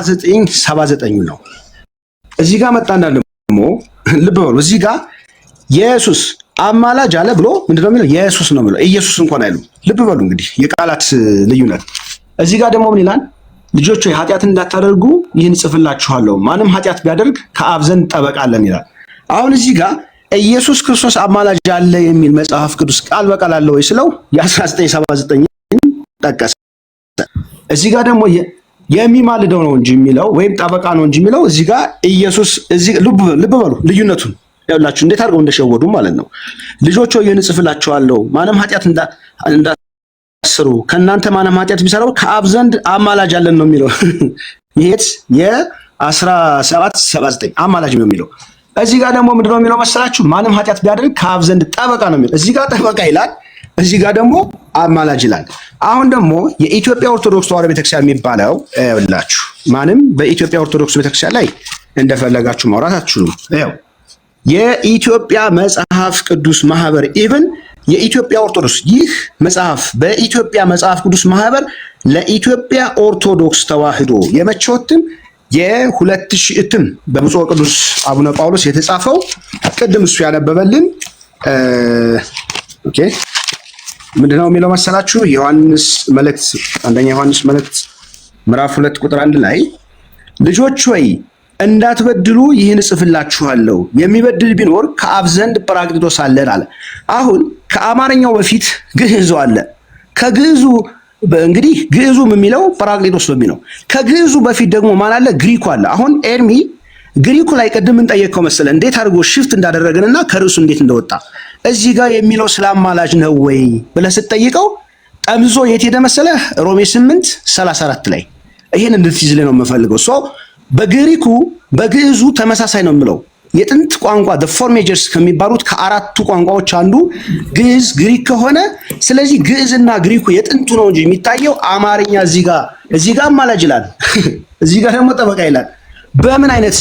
1979 ነው። እዚህ ጋር መጣና ደግሞ ልብ በሉ እዚህ ጋር ኢየሱስ አማላጅ አለ ብሎ ምንድነው የሚለው? ኢየሱስ ነው የሚለው። ኢየሱስ እንኳን አይሉም። ልብ በሉ እንግዲህ የቃላት ልዩነት። እዚህ ጋር ደግሞ ምን ይላል? ልጆች ሆይ ኃጢአት እንዳታደርጉ ይህን ጽፍላችኋለሁ፣ ማንም ኃጢአት ቢያደርግ ከአብ ዘንድ ጠበቃ ይላል። አሁን እዚህ ጋር ኢየሱስ ክርስቶስ አማላጅ አለ የሚል መጽሐፍ ቅዱስ ቃል በቃል አለ ወይ ስለው የ1979 ጠቀሰ። እዚህ ጋር ደግሞ የሚማልደው ነው እንጂ የሚለው ወይም ጠበቃ ነው እንጂ የሚለው እዚህ ጋር ኢየሱስ እዚህ ልብ በሉ ልዩነቱን ያላችሁ እንዴት አድርገው እንደሸወዱ ማለት ነው። ልጆች ሆይ ይህን ማንም ኃጢአት እንዳስሩ ከእናንተ ማንም ኃጢአት ቢሰራው ከአብ ዘንድ አማላጅ አለን ነው የሚለው። ይሄት የ ሰባት ሰባ አማላጅ ነው የሚለው። እዚህ ጋር ደግሞ ምንድነው የሚለው መሰላችሁ? ማንም ኃጢአት ቢያደርግ ከአብ ዘንድ ጠበቃ ነው የሚለው። እዚህ ጋር ጠበቃ ይላል፣ እዚህ ጋር ደግሞ አማላጅ ይላል። አሁን ደግሞ የኢትዮጵያ ኦርቶዶክስ ተዋሕዶ ቤተክርስቲያን የሚባለው ብላችሁ ማንም በኢትዮጵያ ኦርቶዶክስ ቤተክርስቲያን ላይ እንደፈለጋችሁ ማውራት አትችሉም። ያው የኢትዮጵያ መጽሐፍ ቅዱስ ማህበር ኢቭን የኢትዮጵያ ኦርቶዶክስ ይህ መጽሐፍ በኢትዮጵያ መጽሐፍ ቅዱስ ማህበር ለኢትዮጵያ ኦርቶዶክስ ተዋሕዶ የመቾትም የሁለት ሺህ እትም በብፁዕ ቅዱስ አቡነ ጳውሎስ የተጻፈው ቅድም እሱ ያነበበልን ኦኬ ምንድነው የሚለው መሰላችሁ? ዮሐንስ መልእክት አንደኛ ዮሐንስ መልእክት ምዕራፍ ሁለት ቁጥር አንድ ላይ ልጆች ሆይ እንዳትበድሉ ይህን እጽፍላችኋለሁ፣ የሚበድል ቢኖር ከአብ ዘንድ ጰራቅሊጦስ አለን አለ። አሁን ከአማርኛው በፊት ግዕዙ አለ። ከግዕዙ እንግዲህ ግዕዙም የሚለው ጰራቅሊጦስ በሚል ነው። ከግዕዙ በፊት ደግሞ ማን አለ? ግሪኩ አለ። አሁን ኤርሚ ግሪኩ ላይ ቅድም እንጠየቀው መሰለ እንዴት አድርጎ ሽፍት እንዳደረገንና ከርዕሱ እንዴት እንደወጣ እዚህ ጋር የሚለው ስለ አማላጅ ነው ወይ ብለህ ስትጠይቀው ጠምዞ የት ሄደ መሰለህ? ሮሜ 8 34 ላይ ይሄን እንድትይዝልህ ነው የምፈልገው። ሶ በግሪኩ በግዕዙ ተመሳሳይ ነው የምለው የጥንት ቋንቋ the four ከሚባሉት ከአራቱ ቋንቋዎች አንዱ ግዕዝ ግሪክ ከሆነ ስለዚህ ግዕዝና ግሪኩ የጥንቱ ነው እንጂ የሚታየው አማርኛ እዚህ ጋር እዚህ ጋር አማላጅ ይላል፣ እዚህ ጋር ደግሞ ጠበቃ ይላል። በምን አይነት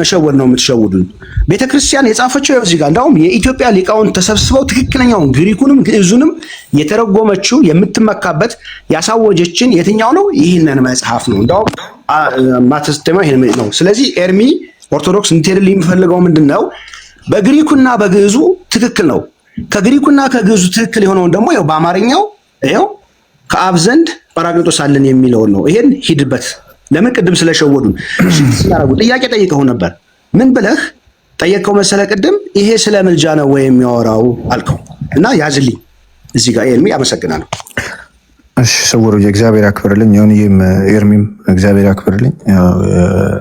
መሸወድ ነው የምትሸውዱን? ቤተ ክርስቲያን የጻፈችው እዚህ ጋር እንዳውም የኢትዮጵያ ሊቃውንት ተሰብስበው ትክክለኛውን ግሪኩንም ግዕዙንም የተረጎመችው የምትመካበት ያሳወጀችን የትኛው ነው? ይህንን መጽሐፍ ነው። እንዳውም ማተስተማ ይሄን ነው። ስለዚህ ኤርሚ ኦርቶዶክስ እንትሄድል የሚፈልገው ምንድን ነው? በግሪኩና በግዕዙ ትክክል ነው። ከግሪኩና ከግዕዙ ትክክል የሆነውን ደግሞ ያው በአማርኛው ያው ከአብ ዘንድ ጳራቅሊጦስ አለን የሚለውን ነው። ይሄን ሂድበት ለምን ቅድም ስለሸወዱን ሲያረጉ ጥያቄ ጠይቀው ነበር። ምን ብለህ ጠየቀው መሰለ? ቅድም ይሄ ስለ ምልጃ ነው ወይ የሚያወራው አልከው እና ያዝልኝ እዚህ ጋር ኤርሚ አመሰግናለሁ። እሺ ስውሩ እግዚአብሔር አክብርልኝ። ይሁን ይህም ኤርሚም እግዚአብሔር አክብርልኝ።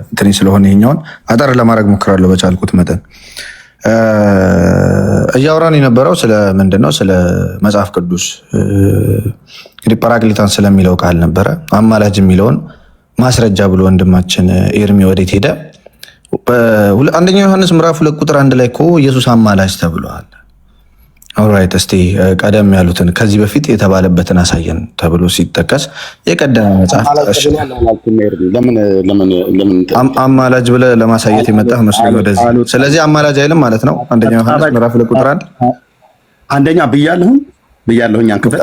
እንትን ስለሆነ ይኛውን አጠር ለማድረግ ሞክራለሁ በቻልኩት መጠን። እያወራን የነበረው ስለ ምንድን ነው? ስለ መጽሐፍ ቅዱስ እንግዲህ ፓራክሊታን ስለሚለው ቃል ነበረ አማላጅ የሚለውን ማስረጃ ብሎ ወንድማችን ኤርሚ ወዴት ሄደ? አንደኛው ዮሐንስ ምዕራፍ ሁለት ቁጥር አንድ ላይ እኮ ኢየሱስ አማላጅ ተብሏል። ኦራይት እስቲ ቀደም ያሉትን ከዚህ በፊት የተባለበትን አሳየን ተብሎ ሲጠቀስ የቀደመ መጽሐፍ አማላጅ ብለ ለማሳየት የመጣህ መስሎ ወደዚህ። ስለዚህ አማላጅ አይልም ማለት ነው። አንደኛው ዮሐንስ ምዕራፍ ሁለት ቁጥር አንድ አንደኛ ብያለሁም ክፍል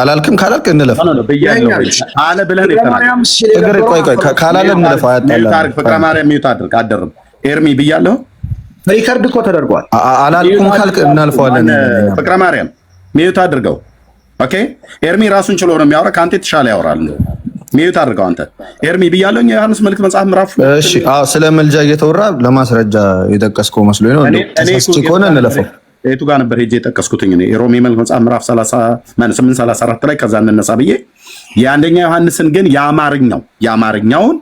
አላልክም? ካላልክ እንለፍ አለ ብለህ ቆይ ቆይ ካላለ እንለፍ። አያጣላም። ፍቅረ ማርያም ሚውት አድርግ አደርም ኤርሚ ብያለሁ። ሪከርድ እኮ ተደርጓል። አላልኩም ካልክ እናልፈዋለን። ፍቅረ ማርያም ሚውት አድርገው። ኦኬ ኤርሚ ራሱን ችሎ ነው የሚያወራ። ከአንተ የተሻለ ያወራል። ሚዩት አድርገው አንተ ኤርሚ ብያለሁ። የዮሐንስ መልእክት መጽሐፍ ምዕራፍ እሺ። አዎ ስለ መልጃ እየተወራ ለማስረጃ የጠቀስከው መስሎኝ ነው። ተሳስቼ ከሆነ እንለፈው የቱ ጋር ነበር ሄጄ የጠቀስኩትኝ? እኔ የሮሜ መልክ መጽሐፍ ምዕራፍ 834 ላይ ከዛ እንነሳ ብዬ የአንደኛ ዮሐንስን ግን የአማርኛው የአማርኛውን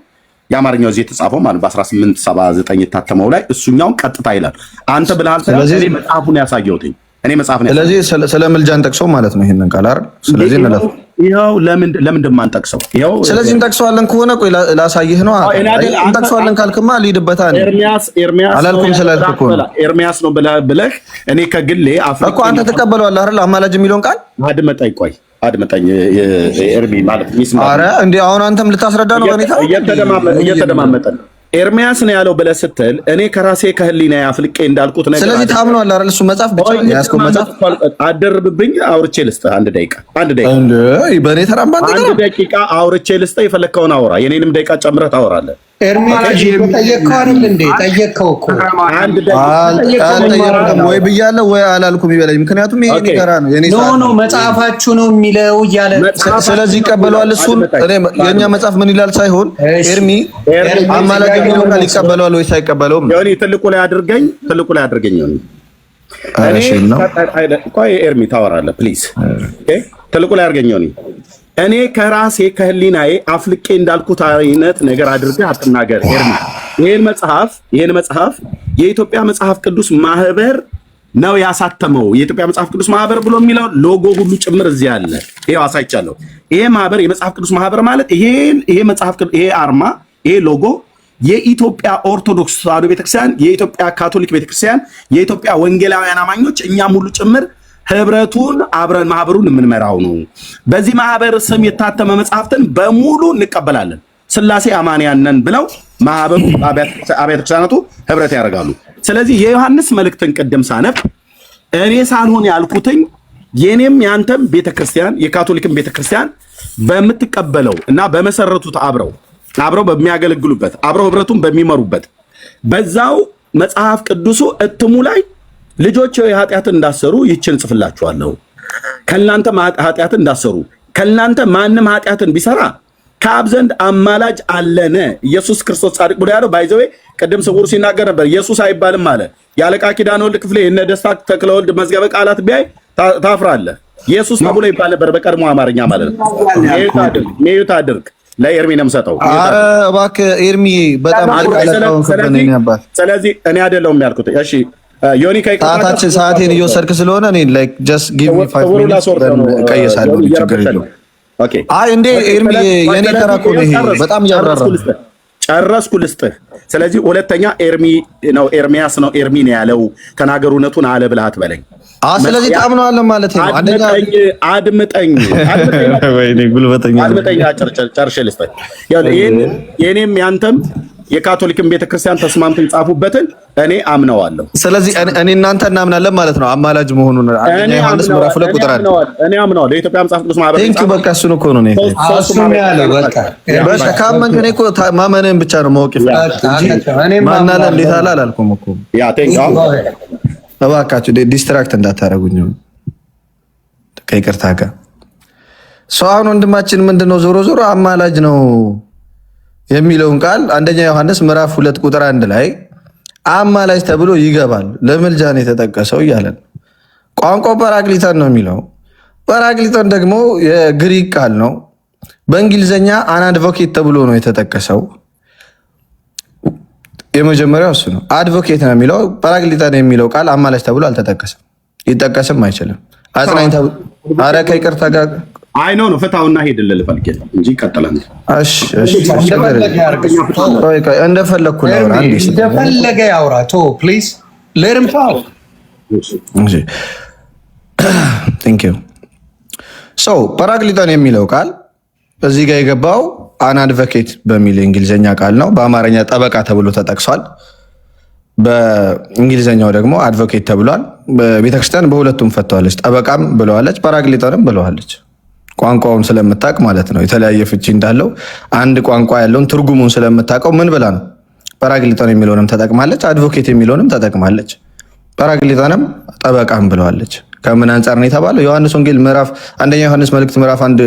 የአማርኛው እዚህ የተጻፈው ማለት በ1879 የታተመው ላይ እሱኛውን ቀጥታ ይላል። አንተ ብልሃል። ስለዚህ መጽሐፉን ያሳየሁትኝ እኔ መጽሐፍ ነው። ስለዚህ ስለምልጃን ጠቅሰው ማለት ነው ይሄንን ቃል አይደል? ስለዚህ ይኸው ለምን ለምን እንደማንጠቅሰው ይኸው። ስለዚህ እንጠቅሰዋለን ከሆነ ቆይ ላሳይህ ነው። እንጠቅሰዋለን ካልክማ ልሂድበታ ነው። ኤርሚያስ ኤርሚያስ አላልኩም ስላልክ እኮ ነው። ኤርሚያስ ነው ብለህ እኔ ከግሌ አፍሪካ እኮ አንተ ትቀበለዋለህ አይደል? አማላጅ የሚለውን ቃል አድመጣኝ፣ ቆይ አድመጣኝ። ኤርሚ ማለት አረ እንዴ! አሁን አንተም ልታስረዳ ነው። እየተደማመጠ እየተደማመጠ ነው ኤርሚያስ ነው ያለው ብለህ ስትል እኔ ከራሴ ከህሊና አፍልቄ እንዳልኩት ነገር ስለዚህ ታምኗል አይደል? እሱ መጽሐፍ ብቻ ያስኩ መጽሐፍ አደርብብኝ አውርቼ ልስጥህ። አንድ ደቂቃ አንድ ደቂቃ እንዴ በኔ ተራም አንድ ደቂቃ አውርቼ ልስጥህ። የፈለከውን አውራ፣ የኔንም ደቂቃ ጨምረህ ታወራለህ። ወይ ብያለሁ ወይ አላልኩም ይበለኝ። ምክንያቱም ይሄ ሊቀራ ነው መጽሐፋችሁ ነው የሚለው እያለ ስለዚህ ይቀበለዋል። እሱን የእኛ መጽሐፍ ምን ይላል ሳይሆን ኤርሚ አማላጅ የሚለው ቃል ይቀበለዋል ወይስ አይቀበለውም? ትልቁ ላይ አድርገኝ፣ ትልቁ ላይ አድርገኝ። እኔ ቆይ ኤርሚ ታወራለህ ፕሊዝ። ትልቁ ላይ አድርገኝ እኔ ከራሴ ከህሊናዬ አፍልቄ እንዳልኩት አይነት ነገር አድርገህ አትናገር። ሄርሚ ይህን መጽሐፍ ይህን መጽሐፍ የኢትዮጵያ መጽሐፍ ቅዱስ ማህበር ነው ያሳተመው። የኢትዮጵያ መጽሐፍ ቅዱስ ማህበር ብሎ የሚለው ሎጎ ሁሉ ጭምር እዚህ አለ። ይሄው አሳይቻለሁ። ይሄ ማህበር የመጽሐፍ ቅዱስ ማህበር ማለት ይሄን ይሄ መጽሐፍ ቅዱስ ይሄ አርማ ይሄ ሎጎ የኢትዮጵያ ኦርቶዶክስ ተዋህዶ ቤተክርስቲያን፣ የኢትዮጵያ ካቶሊክ ቤተክርስቲያን፣ የኢትዮጵያ ወንጌላውያን አማኞች እኛም ሁሉ ጭምር ህብረቱን አብረን ማህበሩን የምንመራው ነው። በዚህ ማህበር ስም የታተመ መጽሐፍትን በሙሉ እንቀበላለን። ስላሴ አማንያን ነን ብለው ማህበሩ አብያተ ክርስቲያናቱ ህብረት ያደርጋሉ። ስለዚህ የዮሐንስ መልእክትን ቅድም ሳነብ እኔ ሳልሆን ያልኩትኝ የኔም ያንተም ቤተክርስቲያን የካቶሊክን ቤተክርስቲያን በምትቀበለው እና በመሰረቱት አብረው አብረው በሚያገለግሉበት አብረው ህብረቱን በሚመሩበት በዛው መጽሐፍ ቅዱሱ እትሙ ላይ ልጆች ኃጢአትን እንዳሰሩ ይችን ጽፍላችኋለሁ። ከእናንተ ኃጢአትን እንዳሰሩ ከእናንተ ማንም ኃጢአትን ቢሰራ ከአብ ዘንድ አማላጅ አለነ ኢየሱስ ክርስቶስ ጻድቅ ብሎ ያለው ባይዘዌ ቅድም ስውሩ ሲናገር ነበር። ኢየሱስ አይባልም አለ። የአለቃ ኪዳን ወልድ ክፍሌ እነ ደስታ ወልድ መዝገበ ቃላት ቢያይ ታፍራለህ። ኢየሱስ ተብሎ ይባል ነበር በቀድሞ አማርኛ ማለት ነው። ሜዩት አድርግ ለኤርሚ ነው የምሰጠው። ኧረ እባክህ ኤርሚ በጣም ስለዚህ እኔ አይደለሁም የሚያልኩት እሺ ዮኒካ ሰዓታችን ሰዓቴን እየወሰድክ ስለሆነ እኔ ላይክ ጀስት ጊቭ ሚ ፋይቭ ሚኒትስ ቀየሳለሁ። ችግር የለውም። አይ እንዴ ኤርሚ የኔ ተራ እኮ ነው ይሄ። በጣም እያብራራ ጨረስኩ ልስጥህ ስለዚህ ሁለተኛ ኤርሚ ነው ኤርሚያስ ነው ኤርሚ ነው ያለው ተናገሩ እውነቱን አለ ብለህ አትበለኝ። ስለዚህ ታምነዋለህ ማለት ነው። አድምጠኝ አድምጠኝ፣ ጨርሼ ልስጠኝ። የእኔም ያንተም የካቶሊክን ቤተክርስቲያን ተስማምተው የጻፉበትን እኔ አምነዋለሁ። ስለዚህ እኔ እናንተ እናምናለን ማለት ነው አማላጅ መሆኑን ዮሐንስ ምዕራፍ ሁለት ቁጥር አለ እኔ አምነዋለሁ። የኢትዮጵያ መጽሐፍ ቅዱስ ማህበር በቃ እሱን እኮ ነው በቃ ካመንክ እኔ እኮ ማመንህን ብቻ ነው ማወቅ ይፈልጋል። ማናለ እንዴት አለ አላልኩም እኮ እባካችሁ ዲስትራክት እንዳታደርጉኝ ከይቅርታ ጋር ሰው። አሁን ወንድማችን ምንድነው ዞሮ ዞሮ አማላጅ ነው የሚለውን ቃል አንደኛ ዮሐንስ ምዕራፍ ሁለት ቁጥር አንድ ላይ አማላጅ ተብሎ ይገባል። ነው የተጠቀሰው እያለን ቋንቋው ጳራክሊተን ነው የሚለው ጳራክሊተን ደግሞ የግሪክ ቃል ነው። በእንግሊዝኛ አን ተብሎ ነው የተጠቀሰው። የመጀመሪያው እሱ ነው። አድቮኬት ነው የሚለው ጳራቅሊጣ ነው የሚለው ቃል አማላጅ ተብሎ አልተጠቀሰም፣ ሊጠቀስም አይችልም። አጽናኝ ኧረ ከይቅርታ ጋር አይ ነው ነው ፍታውና ሄድ ልልፈልግ እንጂ ይቀጥላል። እሺ እሺ፣ እንደፈለግኩ ነው። አንዴ እንደፈለገ ያውራ ቶ ፕሊዝ ሌት ሂም ታው። እሺ ቴንክ ዩ ሶ ጳራቅሊጣ ነው የሚለው ቃል እዚህ ጋር የገባው አን አድቨኬት በሚል የእንግሊዝኛ ቃል ነው። በአማርኛ ጠበቃ ተብሎ ተጠቅሷል። በእንግሊዝኛው ደግሞ አድቮኬት ተብሏል። ቤተክርስቲያን በሁለቱም ፈተዋለች። ጠበቃም ብለዋለች፣ ፓራግሊጠንም ብለዋለች። ቋንቋውን ስለምታውቅ ማለት ነው። የተለያየ ፍቺ እንዳለው አንድ ቋንቋ ያለውን ትርጉሙን ስለምታውቀው ምን ብላ ነው ፓራግሊጠን የሚለውንም ተጠቅማለች፣ አድቮኬት የሚለውንም ተጠቅማለች። ፓራግሊጠንም ጠበቃም ብለዋለች። ከምን አንጻር ነው የተባለው? ዮሐንስ ወንጌል ምዕራፍ አንደኛ ዮሐንስ መልእክት ምዕራፍ አንድ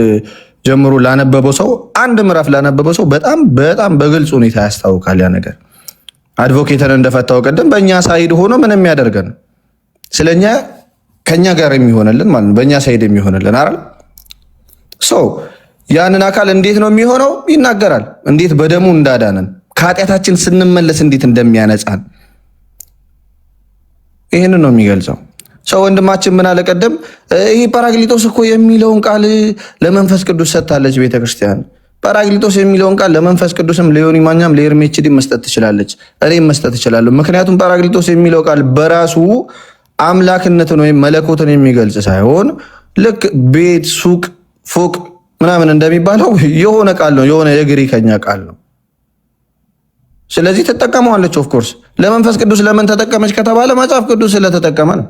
ጀምሮ ላነበበው ሰው አንድ ምዕራፍ ላነበበው ሰው በጣም በጣም በግልጽ ሁኔታ ያስታውቃል ያ ነገር። አድቮኬተን እንደፈታው ቅድም በእኛ ሳይድ ሆኖ ምንም የሚያደርገን ስለኛ ከኛ ጋር የሚሆንልን ማለት ነው፣ በእኛ ሳይድ የሚሆንልን አይደል ሶ ያንን አካል እንዴት ነው የሚሆነው? ይናገራል። እንዴት በደሙ እንዳዳነን ከኃጢአታችን ስንመለስ እንዴት እንደሚያነጻን ይህንን ነው የሚገልጸው። ሰው ወንድማችን ምን አለቀደም ይህ ጳራግሊጦስ እኮ የሚለውን ቃል ለመንፈስ ቅዱስ ሰጥታለች ቤተክርስቲያን። ጳራግሊጦስ የሚለውን ቃል ለመንፈስ ቅዱስም ለዮኒ ማኛም ለኤርሜችዲ መስጠት ትችላለች፣ እኔም መስጠት ትችላለሁ። ምክንያቱም ጳራግሊጦስ የሚለው ቃል በራሱ አምላክነትን ወይም መለኮትን የሚገልጽ ሳይሆን ልክ ቤት፣ ሱቅ፣ ፎቅ ምናምን እንደሚባለው የሆነ ቃል ነው፣ የሆነ የግሪከኛ ቃል ነው። ስለዚህ ትጠቀመዋለች። ኦፍኮርስ ለመንፈስ ቅዱስ ለምን ተጠቀመች ከተባለ መጽሐፍ ቅዱስ ስለተጠቀመ ነው።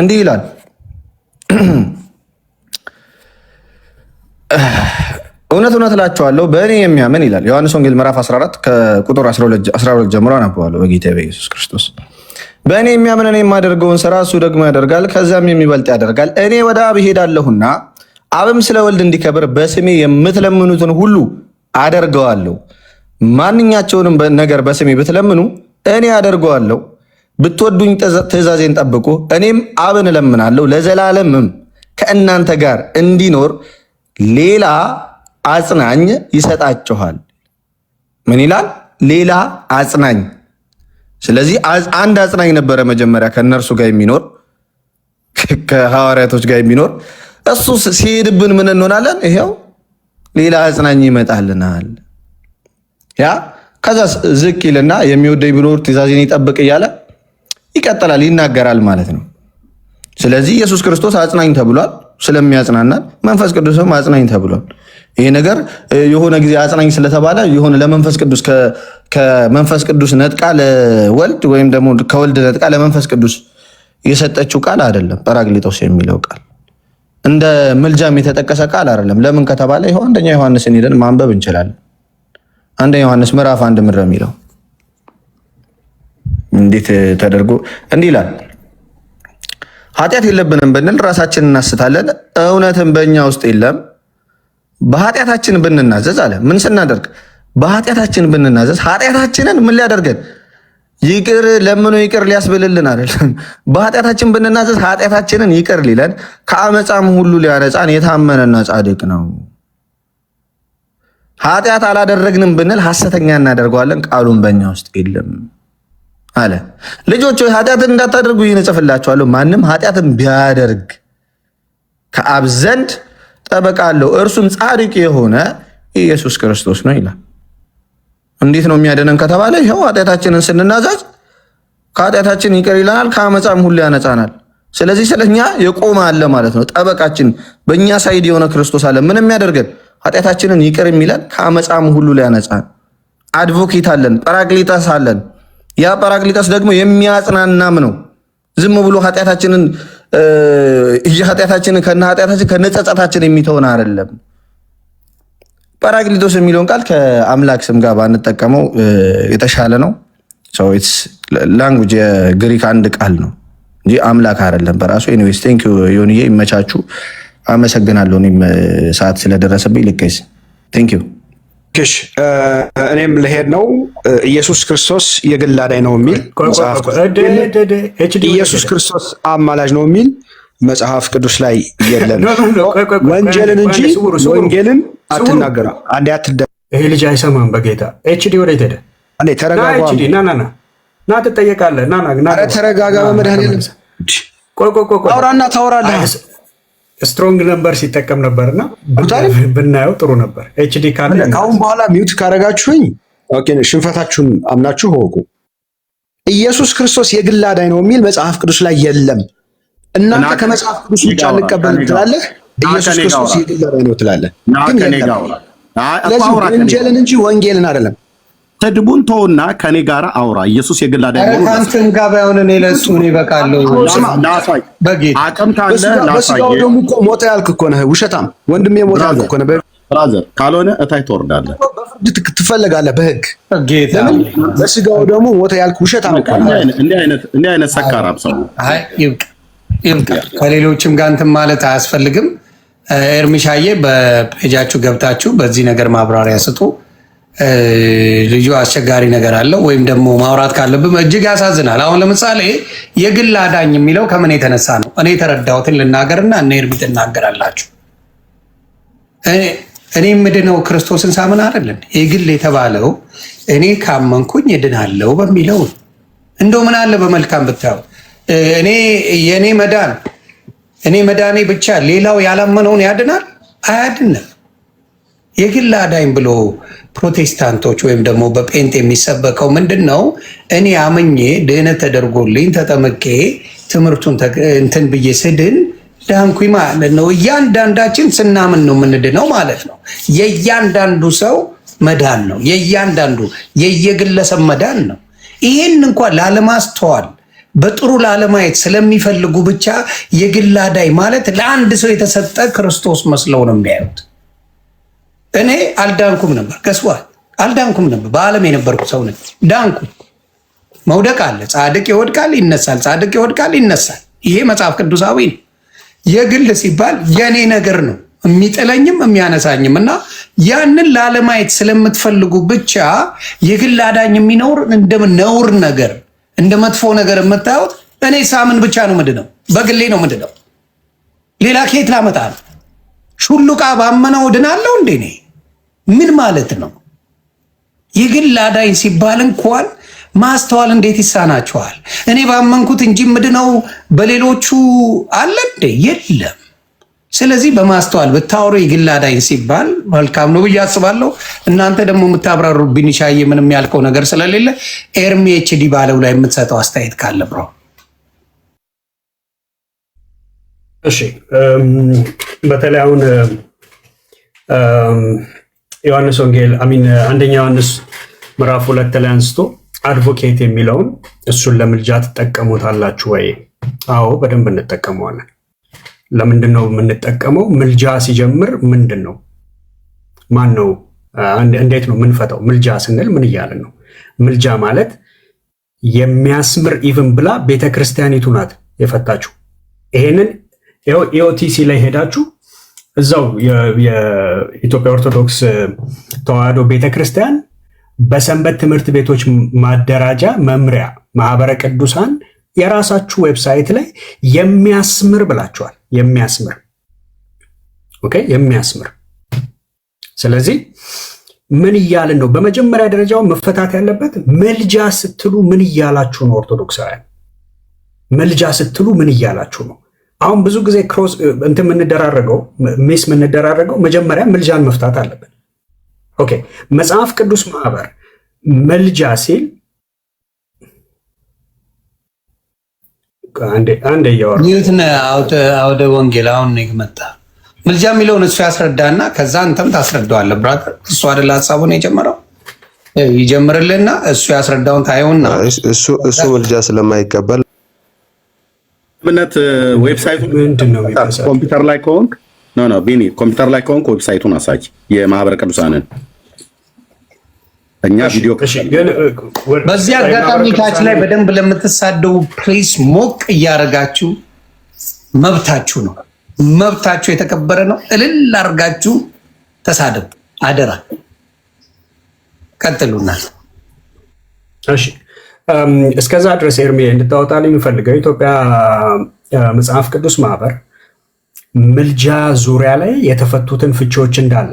እንዲህ ይላል እውነት እውነት እላቸዋለሁ በእኔ የሚያምን ይላል ዮሐንስ ወንጌል ምዕራፍ 14 ከቁጥር 12 ጀምሮ አነበዋለሁ። በጌታ በኢየሱስ ክርስቶስ በእኔ የሚያምን እኔ የማደርገውን ስራ እሱ ደግሞ ያደርጋል፣ ከዚያም የሚበልጥ ያደርጋል። እኔ ወደ አብ ሄዳለሁና አብም ስለ ወልድ እንዲከብር በስሜ የምትለምኑትን ሁሉ አደርገዋለሁ። ማንኛቸውንም ነገር በስሜ ብትለምኑ እኔ አደርገዋለሁ ብትወዱኝ ትእዛዜን ጠብቁ። እኔም አብን እለምናለሁ ለዘላለምም ከእናንተ ጋር እንዲኖር ሌላ አጽናኝ ይሰጣችኋል። ምን ይላል? ሌላ አጽናኝ። ስለዚህ አንድ አጽናኝ ነበረ መጀመሪያ ከእነርሱ ጋር የሚኖር ከሐዋርያቶች ጋር የሚኖር እሱ ሲሄድብን ምን እንሆናለን? ይሄው ሌላ አጽናኝ ይመጣልናል። ያ ከዛ ዝቅ ይልና የሚወደኝ ብኖር ትእዛዜን ይጠብቅ እያለ ይቀጥላል፣ ይናገራል ማለት ነው። ስለዚህ ኢየሱስ ክርስቶስ አጽናኝ ተብሏል። ስለሚያጽናናል መንፈስ ቅዱስም አጽናኝ ተብሏል። ይሄ ነገር የሆነ ጊዜ አጽናኝ ስለተባለ የሆነ ለመንፈስ ቅዱስ ከመንፈስ ቅዱስ ነጥቃ ለወልድ ወይም ደግሞ ከወልድ ነጥቃ ለመንፈስ ቅዱስ የሰጠችው ቃል አይደለም። ጳራግሊጦስ የሚለው ቃል እንደ ምልጃም የተጠቀሰ ቃል አይደለም። ለምን ከተባለ ይኸው አንደኛ ዮሐንስን ሄደን ማንበብ እንችላለን። አንደኛ ዮሐንስ ምዕራፍ አንድ ምድረ የሚለው እንዴት ተደርጎ እንዲህ ይላል። ኃጢአት የለብንም ብንል ራሳችን እናስታለን፣ እውነትም በእኛ ውስጥ የለም። በኃጢአታችን ብንናዘዝ አለ። ምን ስናደርግ? በኃጢአታችን ብንናዘዝ ኃጢአታችንን ምን ሊያደርገን ይቅር ለምኖ ይቅር ሊያስብልልን አይደለም። በኃጢአታችን ብንናዘዝ ኃጢአታችንን ይቅር ሊለን ከአመፃም ሁሉ ሊያነፃን የታመነና ጻድቅ ነው። ኃጢአት አላደረግንም ብንል ሐሰተኛ እናደርገዋለን፣ ቃሉን በእኛ ውስጥ የለም። አለ። ልጆች ኃጢአትን እንዳታደርጉ ይህን እጽፍላችኋለሁ፣ ማንም ኃጢአትን ቢያደርግ ከአብ ዘንድ ጠበቃ አለው፣ እርሱም ጻድቅ የሆነ ኢየሱስ ክርስቶስ ነው ይላል። እንዴት ነው የሚያደነን ከተባለ ይኸው ኃጢአታችንን ስንናዛዝ ከኃጢአታችን ይቅር ይለናል፣ ከአመፃም ሁሉ ያነጻናል። ስለዚህ ስለ እኛ የቆመ አለ ማለት ነው። ጠበቃችን በእኛ ሳይድ የሆነ ክርስቶስ አለ። ምን የሚያደርገን? ኃጢአታችንን ይቅር የሚለን ከአመፃም ሁሉ ሊያነጻን አድቮኬት አለን፣ ጰራቅሊጣስ አለን ያ ጳራቅሊጦስ ደግሞ የሚያጽናናም ነው። ዝም ብሎ ኃጢአታችንን ኃጢአታችንን ከነ ኃጢአታችን ከነ ጸጸታችን የሚተውን አይደለም። ጳራቅሊጦስ የሚለውን ቃል ከአምላክ ስም ጋር ባንጠቀመው የተሻለ ነው። ላንጉጅ የግሪክ አንድ ቃል ነው እንጂ አምላክ አይደለም በራሱ። ኤኒዌይስ ቴንክ ዮንዬ፣ ይመቻችሁ። አመሰግናለሁ። እኔም ሰዓት ስለደረሰብኝ ልቀይስ። ቴንክ ዩ ሽ እኔም ልሄድ ነው። ኢየሱስ ክርስቶስ የግል አዳኝ ነው የሚል ኢየሱስ ክርስቶስ አማላጅ ነው የሚል መጽሐፍ ቅዱስ ላይ የለም። ወንጀልን እንጂ ወንጌልን አትናገርም። አንዴ አትደ ይሄ ልጅ አይሰማም። በጌታ ኤችዲ ወደ ሄደ አንዴ ተረጋጋ። ና ና ና ና ትጠየቃለህ። ና ና ተረጋጋ። በመድኃኒዓለም ቆይ ቆይ ቆይ አውራና ታውራለህ ስትሮንግ ነበር ሲጠቀም ነበር እና ብናየው ጥሩ ነበር። ኤችዲ ከአሁን በኋላ ሚውት ካረጋችሁኝ ሽንፈታችሁን አምናችሁ ሆቁ። ኢየሱስ ክርስቶስ የግል አዳኝ ነው የሚል መጽሐፍ ቅዱስ ላይ የለም። እናንተ ከመጽሐፍ ቅዱስ ውጭ አንቀበልም ትላለህ፣ ኢየሱስ ክርስቶስ የግል አዳኝ ነው ትላለህ። ግን ወንጀልን እንጂ ወንጌልን አይደለም። ስድቡን ተውና ከኔ ጋር አውራ። ኢየሱስ የግል አዳኝ ነው። አንተን ጋር ባይሆን እኔ ለሱ ነው ይበቃለሁ። በጌታ አቅም ካለ ላሳየ። ደሙ እኮ ሞተ ያልክ እኮ ነህ ውሸታም ወንድሜ። ሞተ ያልክ እኮ ነህ ብራዘር። ካልሆነ እታይ ትወርዳለህ፣ በፍርድ ትፈለጋለህ በህግ ጌታ። በስጋው ደግሞ ሞተ ያልክ ውሸታም እኮ ነህ። እንዲህ አይነት እንዲህ አይነት ሰካራም ሰው አይ ይብቃ። ከሌሎችም ጋር እንትን ማለት አያስፈልግም። ኤርሚሻዬ በፔጃችሁ ገብታችሁ በዚህ ነገር ማብራሪያ ስጡ። ልጁ አስቸጋሪ ነገር አለው ወይም ደግሞ ማውራት ካለብም እጅግ ያሳዝናል። አሁን ለምሳሌ የግል አዳኝ የሚለው ከምን የተነሳ ነው? እኔ የተረዳሁትን ልናገርና እነ ኤርሚ ትናገራላችሁ። እኔ የምድነው ክርስቶስን ሳምን አይደለም። የግል የተባለው እኔ ካመንኩኝ እድናለሁ በሚለው እንደው ምን አለ በመልካም ብታዩ እኔ የእኔ መዳን እኔ መዳኔ ብቻ ሌላው ያላመነውን ያድናል? አያድንም። የግል አዳኝ ብሎ ፕሮቴስታንቶች ወይም ደግሞ በጴንት የሚሰበከው ምንድን ነው? እኔ አምኜ ድህነት ተደርጎልኝ ተጠምቄ ትምህርቱን እንትን ብዬ ስድን ዳንኩኝ ማለት ነው። እያንዳንዳችን ስናምን ነው የምንድነው ማለት ነው። የእያንዳንዱ ሰው መዳን ነው። የእያንዳንዱ የየግለሰብ መዳን ነው። ይህን እንኳን ላለማስተዋል በጥሩ ላለማየት ስለሚፈልጉ ብቻ የግል አዳኝ ማለት ለአንድ ሰው የተሰጠ ክርስቶስ መስለው ነው የሚያዩት። እኔ አልዳንኩም ነበር። ከስዋ አልዳንኩም ነበር። በዓለም የነበርኩ ሰው ነኝ። ዳንኩ። መውደቅ አለ። ጻድቅ ይወድቃል ይነሳል፣ ጻድቅ ይወድቃል ይነሳል። ይሄ መጽሐፍ ቅዱሳዊ ነው። የግል ሲባል የኔ ነገር ነው የሚጥለኝም የሚያነሳኝም እና ያንን ላለማየት ስለምትፈልጉ ብቻ የግል አዳኝ የሚኖር እንደ ነውር ነገር እንደ መጥፎ ነገር የምታዩት እኔ ሳምን ብቻ ነው ምንድነው በግሌ ነው ምንድነው ሌላ ከየት ላመጣ ነው ሹሉቃ ባመነው ድናለው እንዴ ምን ማለት ነው? የግል አዳኝ ሲባል እንኳን ማስተዋል እንዴት ይሳናቸዋል እኔ ባመንኩት እንጂ ምድነው በሌሎቹ አለ እንደ የለም። ስለዚህ በማስተዋል ብታወሩ የግል አዳኝ ሲባል መልካም ነው ብዬ አስባለሁ። እናንተ ደግሞ የምታብራሩ ቢኒሻዬ ምንም ያልከው ነገር ስለሌለ ኤርሚ ኤችዲ ባለው ላይ የምትሰጠው አስተያየት ካለ ብሮ። እሺ በተለይ አሁን ዮሐንስ ወንጌል አሚን አንደኛ ዮሐንስ ምዕራፍ ሁለት ላይ አንስቶ አድቮኬት የሚለውን እሱን ለምልጃ ትጠቀሙታላችሁ ወይ? አዎ በደንብ እንጠቀመዋለን። ለምንድን ነው የምንጠቀመው? ምልጃ ሲጀምር ምንድን ነው? ማን ነው? እንዴት ነው ምንፈታው? ምልጃ ስንል ምን እያለን ነው? ምልጃ ማለት የሚያስምር ኢቭን ብላ ቤተ ክርስቲያኒቱ ናት የፈታችሁ። ይሄንን ኢኦቲሲ ላይ ሄዳችሁ እዛው የኢትዮጵያ ኦርቶዶክስ ተዋህዶ ቤተክርስቲያን በሰንበት ትምህርት ቤቶች ማደራጃ መምሪያ ማህበረ ቅዱሳን የራሳችሁ ዌብሳይት ላይ የሚያስምር ብላችኋል። የሚያስምር ኦኬ፣ የሚያስምር ስለዚህ ምን እያልን ነው? በመጀመሪያ ደረጃው መፈታት ያለበት ምልጃ ስትሉ ምን እያላችሁ ነው? ኦርቶዶክሳውያን ምልጃ ስትሉ ምን እያላችሁ ነው? አሁን ብዙ ጊዜ ክሮስ እንትን የምንደራረገው ሜስ የምንደራረገው መጀመሪያ ምልጃን መፍታት አለብን። ኦኬ መጽሐፍ ቅዱስ ማህበር ምልጃ ሲል አንድ እያወራ አውደ ወንጌል አሁን መጣ ምልጃ የሚለውን እሱ ያስረዳና ከዛ አንተም ታስረዳዋለህ። ብራተር እሱ አይደል ሀሳቡን የጀመረው ይጀምርልና እሱ ያስረዳውን ታየውና እሱ ምልጃ ስለማይቀበል ምነት ዌብሳይቱ ምንድን ነው? ኮምፒውተር ላይ ከሆንክ ኖ ኖ ቢኒ ኮምፒውተር ላይ ከሆንክ ዌብሳይቱን አሳይ የማህበረ ቅዱሳንን እኛ ቪዲዮ በዚህ አጋጣሚ ታች ላይ በደንብ ለምትሳደው ፕሬስ ሞቅ እያደረጋችሁ መብታችሁ ነው። መብታችሁ የተከበረ ነው። እልል አድርጋችሁ ተሳደቡ አደራ። ቀጥሉናል። እሺ እስከዛ ድረስ ኤርሜ እንድታወጣል የሚፈልገው ኢትዮጵያ መጽሐፍ ቅዱስ ማህበር ምልጃ ዙሪያ ላይ የተፈቱትን ፍቺዎች እንዳለ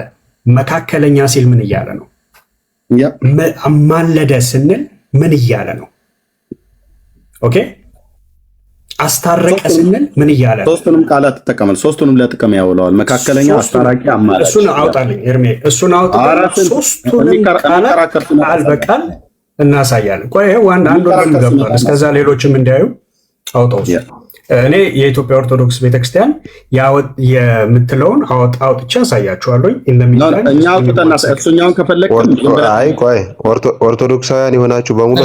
መካከለኛ ሲል ምን እያለ ነው? ማለደ ስንል ምን እያለ ነው? ኦኬ አስታረቀ ስንል ምን እያለ ሶስቱንም ቃላት ትጠቀማል። ሶስቱንም ለጥቅም ያውለዋል። መካከለኛ፣ አስታራቂ፣ አማላጅ። እሱን አውጣልኝ ኤርሜ፣ እሱን አውጣ። ሶስቱንም ቃላት ቃል በቃል እናሳያለን። ቆይ ዋን አንድ ወር ገብቷል። እስከዛ ሌሎችም እንዲያዩ አውጣው። እኔ የኢትዮጵያ ኦርቶዶክስ ቤተክርስቲያን የምትለውን አውጥቼ አሳያችኋለሁ። እኛውን ከፈለግን ኦርቶዶክሳውያን የሆናችሁ በሙሉ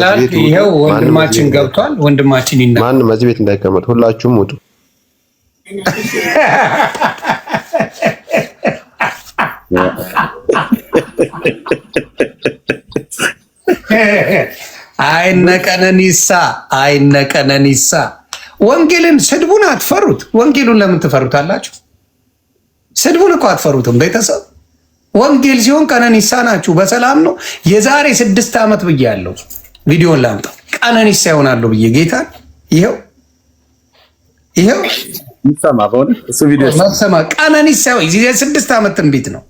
ይኸው ወንድማችን ገብቷል። ወንድማችን ይና ማንም እዚህ ቤት እንዳይቀመጥ ሁላችሁም ውጡ። አይነ ቀነኒሳ ወንጌልን ስድቡን አትፈሩት። ወንጌሉን ለምን ትፈሩታላችሁ? ስድቡን እኮ አትፈሩትም ቤተሰብ ወንጌል ሲሆን ቀነኒሳ ናችሁ። በሰላም ነው። የዛሬ ስድስት ዓመት ብዬ ያለው ቪዲዮን ላምጣ ቀነኒሳ ይሆናሉ ብዬ ጌታ ይኸው ይኸው ይሰማ ቀነኒሳ የስድስት ዓመት ትንቢት ነው።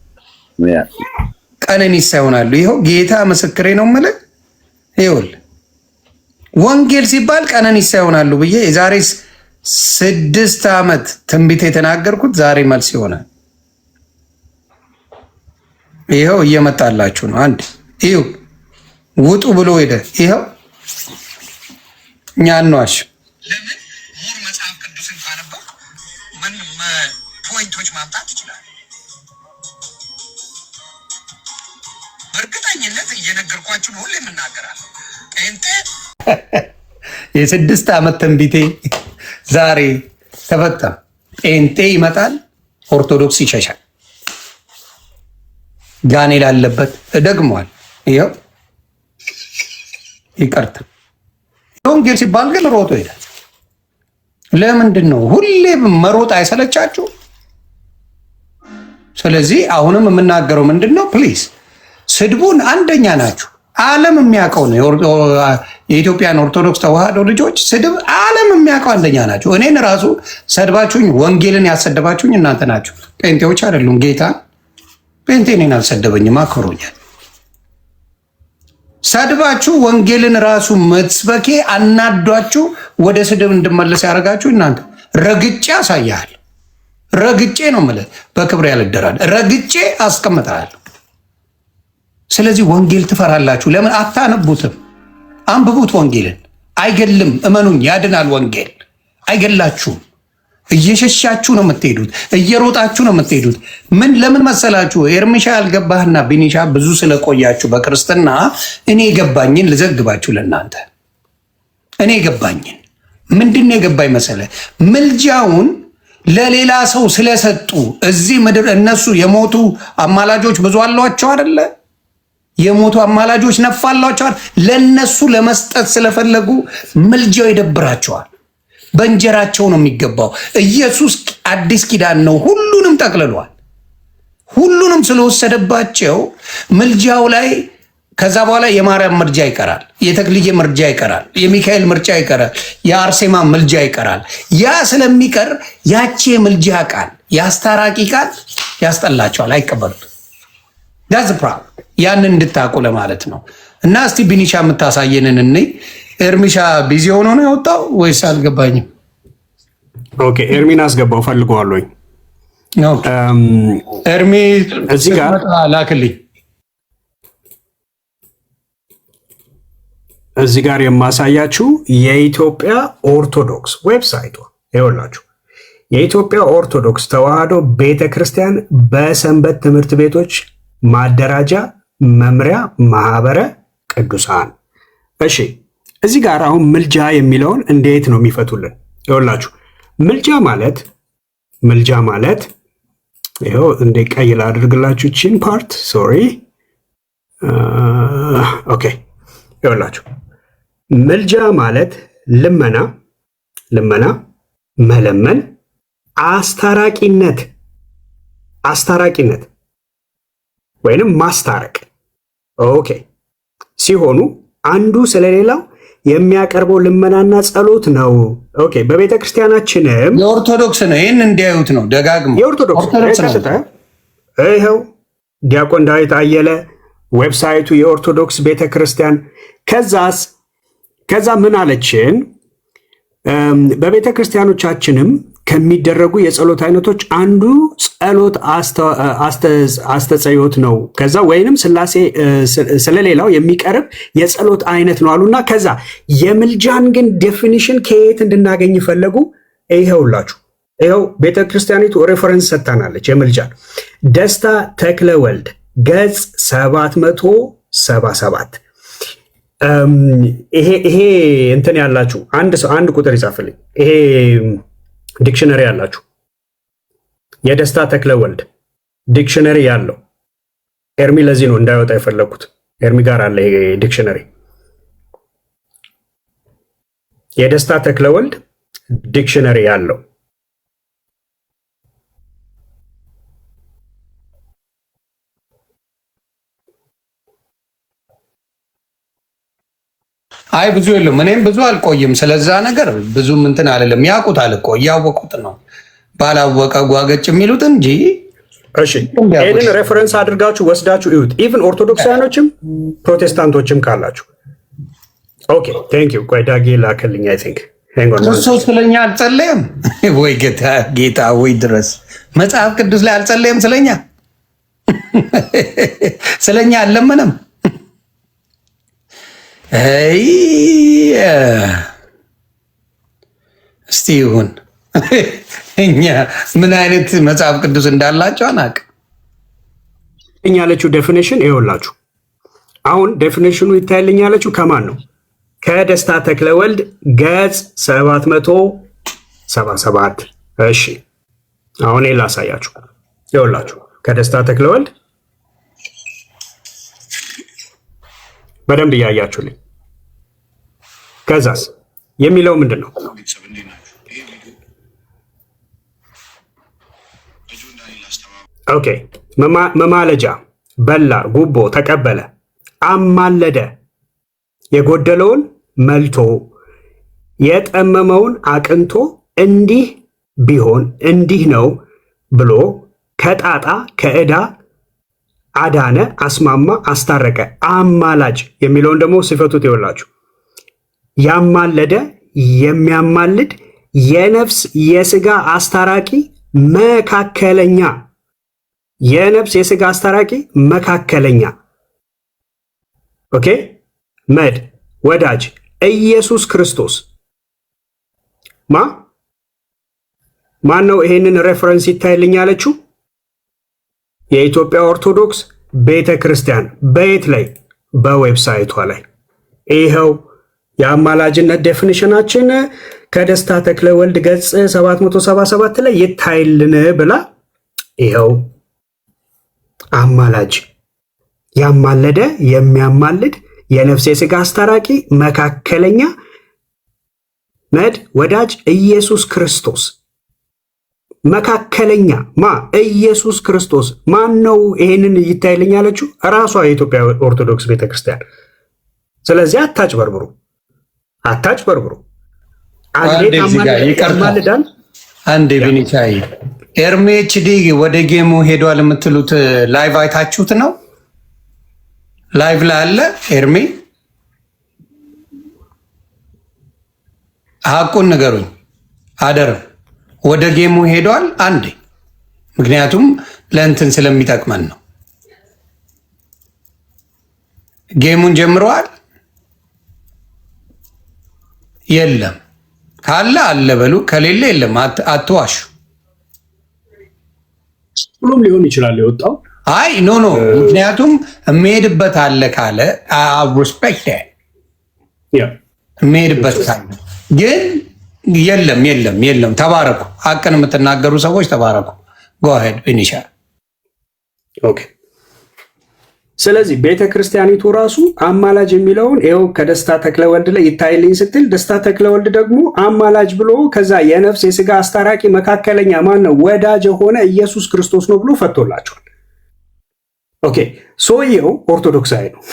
ቀነኒሳ ይሆናሉ። ይኸው ጌታ ምስክሬ ነው የምልህ ይውል ወንጌል ሲባል ቀነኒሳ ይሆናሉ ብዬ የዛሬ ስድስት ዓመት ትንቢት የተናገርኩት ዛሬ መልስ ይሆናል። ይኸው እየመጣላችሁ ነው። አንድ ይኸው ውጡ ብሎ ሄደ። ይኸው እኛ አንዋሽ ለምን ሙሉ መጽሐፍ ቅዱስን ካነበብኩ ምን ፖይንቶች ማምጣት ይችላል በእርግጠኝነት እየነገርኳችሁ ነው። ሁሌ የምናገራለሁ ጴንጤ የስድስት ዓመት ትንቢቴ ዛሬ ተፈጠም። ጴንጤ ይመጣል፣ ኦርቶዶክስ ይሸሻል። ጋኔ ላለበት እደግመዋል። ይኸው ይቅርታ ወንጌል ሲባል ግን ሮጦ ይሄዳል። ለምንድን ነው ሁሌ መሮጥ አይሰለቻችሁ? ስለዚህ አሁንም የምናገረው ምንድን ነው ፕሊዝ ስድቡን አንደኛ ናችሁ። ዓለም የሚያውቀው ነው። የኢትዮጵያን ኦርቶዶክስ ተዋህዶ ልጆች ስድብ ዓለም የሚያውቀው አንደኛ ናቸው። እኔን ራሱ ሰድባችሁኝ፣ ወንጌልን ያሰደባችሁኝ እናንተ ናችሁ። ጴንጤዎች አይደሉም። ጌታ ጴንጤ እኔን አልሰደበኝም፣ አክብሮኛል። ሰድባችሁ ወንጌልን ራሱ መስበኬ አናዷችሁ ወደ ስድብ እንድመለስ ያደርጋችሁ እናንተ። ረግጬ አሳያል። ረግጬ ነው የምልህ። በክብር ያልደራል። ረግጬ አስቀምጠሃል። ስለዚህ ወንጌል ትፈራላችሁ። ለምን አታነቡትም? አንብቡት። ወንጌልን አይገልም። እመኑኝ፣ ያድናል። ወንጌል አይገላችሁም። እየሸሻችሁ ነው የምትሄዱት፣ እየሮጣችሁ ነው የምትሄዱት። ምን ለምን መሰላችሁ? ኤርሚሻ ያልገባህና ቢኒሻ ብዙ ስለቆያችሁ በክርስትና እኔ የገባኝን ልዘግባችሁ ለእናንተ። እኔ የገባኝን ምንድን የገባኝ መሰለ ምልጃውን ለሌላ ሰው ስለሰጡ እዚህ ምድር እነሱ የሞቱ አማላጆች ብዙ አሏቸው አደለ የሞቱ አማላጆች ነፋላቸዋል። ለነሱ ለመስጠት ስለፈለጉ ምልጃው ይደብራቸዋል። በእንጀራቸው ነው የሚገባው። ኢየሱስ አዲስ ኪዳን ነው፣ ሁሉንም ጠቅልሏል። ሁሉንም ስለወሰደባቸው ምልጃው ላይ ከዛ በኋላ የማርያም ምርጃ ይቀራል፣ የተክልዬ ምርጃ ይቀራል፣ የሚካኤል ምርጫ ይቀራል፣ የአርሴማ ምልጃ ይቀራል። ያ ስለሚቀር ያቺ የምልጃ ቃል የአስታራቂ ቃል ያስጠላቸዋል፣ አይቀበሉት ዳዝ ፕራብ ያንን እንድታቁ ለማለት ነው። እና እስቲ ቢኒሻ የምታሳየንን እኔ ኤርሚሻ ቢዚ ሆኖ ነው ያወጣው ወይስ አልገባኝም። ኦኬ ኤርሚን አስገባው ፈልገዋለኝ። ኤርሚ እዚህ ጋር ላክልኝ። እዚህ ጋር የማሳያችሁ የኢትዮጵያ ኦርቶዶክስ ዌብሳይቷ ይኸውላችሁ። የኢትዮጵያ ኦርቶዶክስ ተዋህዶ ቤተ ክርስቲያን በሰንበት ትምህርት ቤቶች ማደራጃ መምሪያ ማህበረ ቅዱሳን። እሺ እዚህ ጋር አሁን ምልጃ የሚለውን እንዴት ነው የሚፈቱልን? ይኸውላችሁ ምልጃ ማለት ምልጃ ማለት ይኸው እንደ ቀይ ላድርግላችሁ ቺን ፓርት ሶሪ። ኦኬ ይኸውላችሁ ምልጃ ማለት ልመና ልመና መለመን አስታራቂነት አስታራቂነት ወይንም ማስታረቅ ኦኬ ሲሆኑ አንዱ ስለሌላው የሚያቀርበው ልመናና ጸሎት ነው። ኦኬ በቤተ ክርስቲያናችንም የኦርቶዶክስ ነው። ይህን እንዲያዩት ነው ደጋግሞ የኦርቶዶክስ ይኸው ዲያቆን ዳዊት አየለ ዌብሳይቱ የኦርቶዶክስ ቤተ ክርስቲያን። ከዛስ ከዛ ምን አለችን? በቤተ ክርስቲያኖቻችንም ከሚደረጉ የጸሎት አይነቶች አንዱ ጸሎት አስተጸዮት ነው። ከዛ ወይንም ስላሴ ስለሌላው የሚቀርብ የጸሎት አይነት ነው አሉና ከዛ የምልጃን ግን ዴፊኒሽን ከየት እንድናገኝ ፈለጉ? ይኸውላችሁ ይኸው ክርስቲያኒቱ ሬፈረንስ ሰጥታናለች። የምልጃን ደስታ ተክለ ወልድ ገጽ 777 ይሄ እንትን ያላችሁ አንድ ሰው አንድ ቁጥር ይጻፍልኝ ይሄ ዲክሽነሪ አላችሁ የደስታ ተክለ ወልድ ዲክሽነሪ ያለው ኤርሚ ለዚህ ነው እንዳይወጣ የፈለግኩት። ኤርሚ ጋር አለ ዲክሽነሪ። የደስታ ተክለ ወልድ ዲክሽነሪ ያለው አይ ብዙ የለም። እኔም ብዙ አልቆይም። ስለዛ ነገር ብዙም እንትን አልልም። ያውቁታል እኮ እያወቁት ነው። ባላወቀ ጓገጭ የሚሉት እንጂ ይህንን ሬፈረንስ አድርጋችሁ ወስዳችሁ ይሁት። ኢቭን ኦርቶዶክሳያኖችም ፕሮቴስታንቶችም ካላችሁ ኦኬ ቴንክ ዩ። ቆይ ዳጌ ላክልኝ። አይ ቲንክ እሱ ስለኛ አልጸለየም ወይ ጌታ ጌታ ወይ ድረስ መጽሐፍ ቅዱስ ላይ አልጸለየም። ስለኛ ስለኛ አልለመነም። እስቲ ይሁን። እኛ ምን አይነት መጽሐፍ ቅዱስ እንዳላቸው አናቅ። እኛ ያለችው ዴፊኔሽን ይኸውላችሁ፣ አሁን ዴፊኔሽኑ ይታይልኝ ያለችው ከማን ነው? ከደስታ ተክለወልድ ገጽ 777 እሺ፣ አሁን ላሳያችሁ። ይኸውላችሁ ከደስታ ተክለወልድ በደንብ እያያችሁልኝ ከዛስ የሚለው ምንድን ነው? ኦኬ መማለጃ፣ በላ፣ ጉቦ ተቀበለ፣ አማለደ፣ የጎደለውን መልቶ፣ የጠመመውን አቅንቶ፣ እንዲህ ቢሆን እንዲህ ነው ብሎ ከጣጣ ከእዳ አዳነ፣ አስማማ፣ አስታረቀ። አማላጭ የሚለውን ደግሞ ሲፈቱት ይውላችሁ ያማለደ፣ የሚያማልድ፣ የነፍስ የስጋ አስታራቂ፣ መካከለኛ። የነፍስ የስጋ አስታራቂ፣ መካከለኛ። ኦኬ መድ ወዳጅ ኢየሱስ ክርስቶስ ማ ማን ነው? ይሄንን ሬፈረንስ ይታይልኝ ያለችው የኢትዮጵያ ኦርቶዶክስ ቤተ ክርስቲያን በየት ላይ? በዌብሳይቷ ላይ። ይኸው የአማላጅነት ዴፊኒሽናችን ከደስታ ተክለ ወልድ ገጽ 777 ላይ ይታይልን ብላ ይኸው አማላጅ ያማለደ የሚያማልድ የነፍሴ ስጋ አስታራቂ መካከለኛ መድ ወዳጅ ኢየሱስ ክርስቶስ መካከለኛ ማ ኢየሱስ ክርስቶስ ማን ነው? ይሄንን ይታይልኝ አለችው ራሷ የኢትዮጵያ ኦርቶዶክስ ቤተክርስቲያን። ስለዚህ አታጭበርብሩ፣ አታጭበርብሩ። ይቀርማልዳል አንዴ ቢኒቻይ ኤርሜችዲ ወደ ጌሙ ሄዷል የምትሉት ላይቭ አይታችሁት ነው? ላይቭ ላይ አለ ኤርሜ ሀቁን ንገሩኝ አደርም ወደ ጌሙ ሄዷል አንዴ ምክንያቱም ለእንትን ስለሚጠቅመን ነው። ጌሙን ጀምረዋል። የለም ካለ አለ በሉ፣ ከሌለ የለም አትዋሹ። ሁሉም ሊሆን ይችላል የወጣው። አይ ኖ ኖ፣ ምክንያቱም የሚሄድበት አለ ካለ ሪስፔክት የሚሄድበት ካለ ግን የለም የለም የለም። ተባረኩ። ሀቅን የምትናገሩ ሰዎች ተባረኩ። ጎሄድ ቢኒሻ። ኦኬ። ስለዚህ ቤተ ክርስቲያኒቱ ራሱ አማላጅ የሚለውን ይኸው ከደስታ ተክለወልድ ላይ ይታይልኝ ስትል፣ ደስታ ተክለወልድ ደግሞ አማላጅ ብሎ ከዛ የነፍስ የስጋ አስታራቂ መካከለኛ ማን ነው ወዳጅ የሆነ ኢየሱስ ክርስቶስ ነው ብሎ ፈቶላቸዋል። ኦኬ። ሰውየው ኦርቶዶክሳዊ ነው።